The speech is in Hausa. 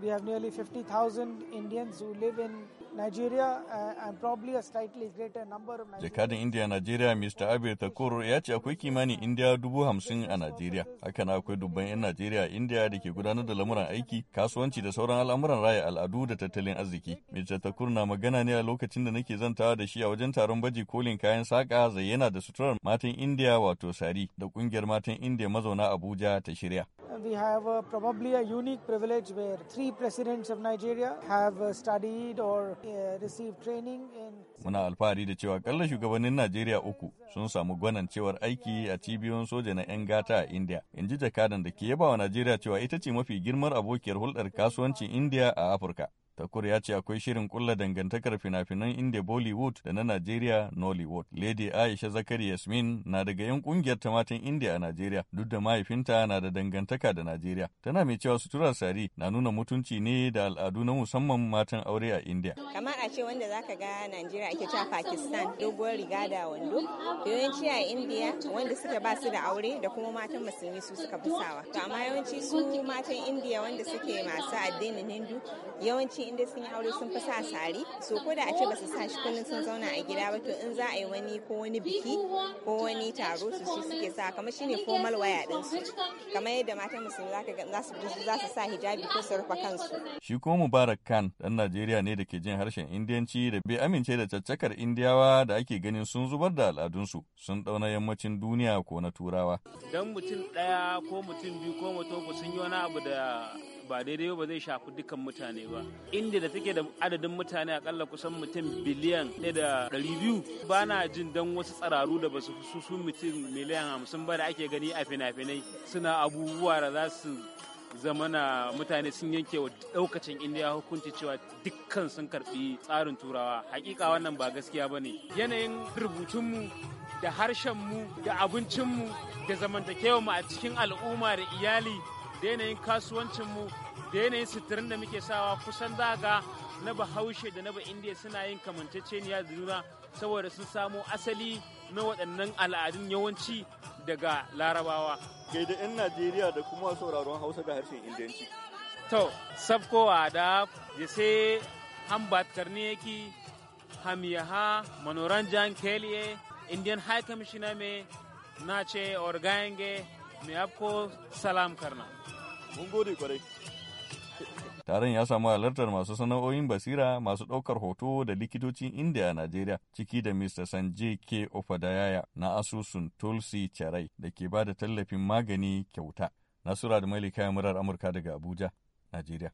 We have nearly 50,000 Indians who live in Nigeria uh, and probably a Jakadan India Nigeria Mr. Abir Takur ya ce akwai kimanin India dubu hamsin a Nigeria. Hakan akwai dubban 'yan Nigeria India da ke gudanar da lamuran aiki, kasuwanci da sauran al'amuran raya al'adu da tattalin arziki. Mr. Takur na magana ne a lokacin da nake zantawa da shi a wajen taron baji kolin kayan saka zayyana da suturar matan India wato sari da kungiyar matan India mazauna Abuja ta shirya. We have uh, probably a unique privilege where three presidents of Nigeria have uh, studied or Muna alfahari da cewa kalla shugabannin Najeriya uku sun samu gwanancewar aiki a cibiyoyin soja na 'yan gata a India, in ji jakadan da ke yaba wa Najeriya cewa ita ce mafi girmar abokiyar hulɗar kasuwancin India a Afirka. Takur ya ce akwai shirin kulla dangantakar fina-finan India Bollywood da na Najeriya Nollywood. Lady Aisha Zakari Yasmin na daga 'yan kungiyar ta matan India a Najeriya duk da mahaifinta na da dangantaka da Najeriya. Tana mai cewa suturar sari na nuna mutunci ne da al'adu na musamman matan aure a India. Kamar a ce wanda zaka ga Najeriya ake cewa Pakistan doguwar riga da wando. Yawanci a India wanda suka ba su da aure da kuma matan musulmi su suka fi sawa. To amma yawanci su matan India wanda suke masu addinin Hindu yawanci inda sun yi aure sun fi sa sari so ko da a ce ba su sa shi kullum sun zauna a gida ba to in za a yi wani ko wani biki ko wani taro su su suke sa kamar shine formal waya din su kamar yadda matan musulmi zaka ga za su za su sa hijabi ko su rufe kansu shi ko Mubarak Khan dan Najeriya ne da ke jin harshen Indiyanci da bai amince da caccakar Indiyawa da ake ganin sun zubar da al'adunsu sun dauna yammacin duniya ko na Turawa dan mutum daya ko mutum biyu ko mutum sun yi wani abu da ba daidai ba zai shafi dukkan mutane ba inda da take da adadin mutane akalla kusan mutum biliyan ɗaya da ɗari biyu ba na jin don wasu tsararu da basu su su mutum miliyan hamsin ba da ake gani a fina-finai suna abubuwa da za su zamana mutane sun yanke wa daukacin indiya hukunci cewa dukkan sun karbi tsarin turawa hakika wannan ba gaskiya ba ne yanayin rubutunmu da harshenmu da abincinmu da zamantakewa mu a cikin al'umma da iyali da yanayin kasuwancinmu da yanayin suturin da muke sawa kusan za na bahaushe da na indiya suna yin kamanceceniya da juna saboda sun samo asali na waɗannan al'adun yawanci daga larabawa gaida 'yan najeriya da kuma sauraron hausa da harshen indiyanci to sabkowa da jise han ne yake हम manoran jan के लिए Indian high commissioner na ce और mai आपको salam karna. mun gode kwarai taron ya samu halartar masu sana'o'in basira masu ɗaukar hoto da likitocin indiya a najeriya ciki da mr sanjay k Opadayaya na asusun tulsi charai da ke ba da tallafin magani kyauta nasura da mailika murar amurka daga abuja najeriya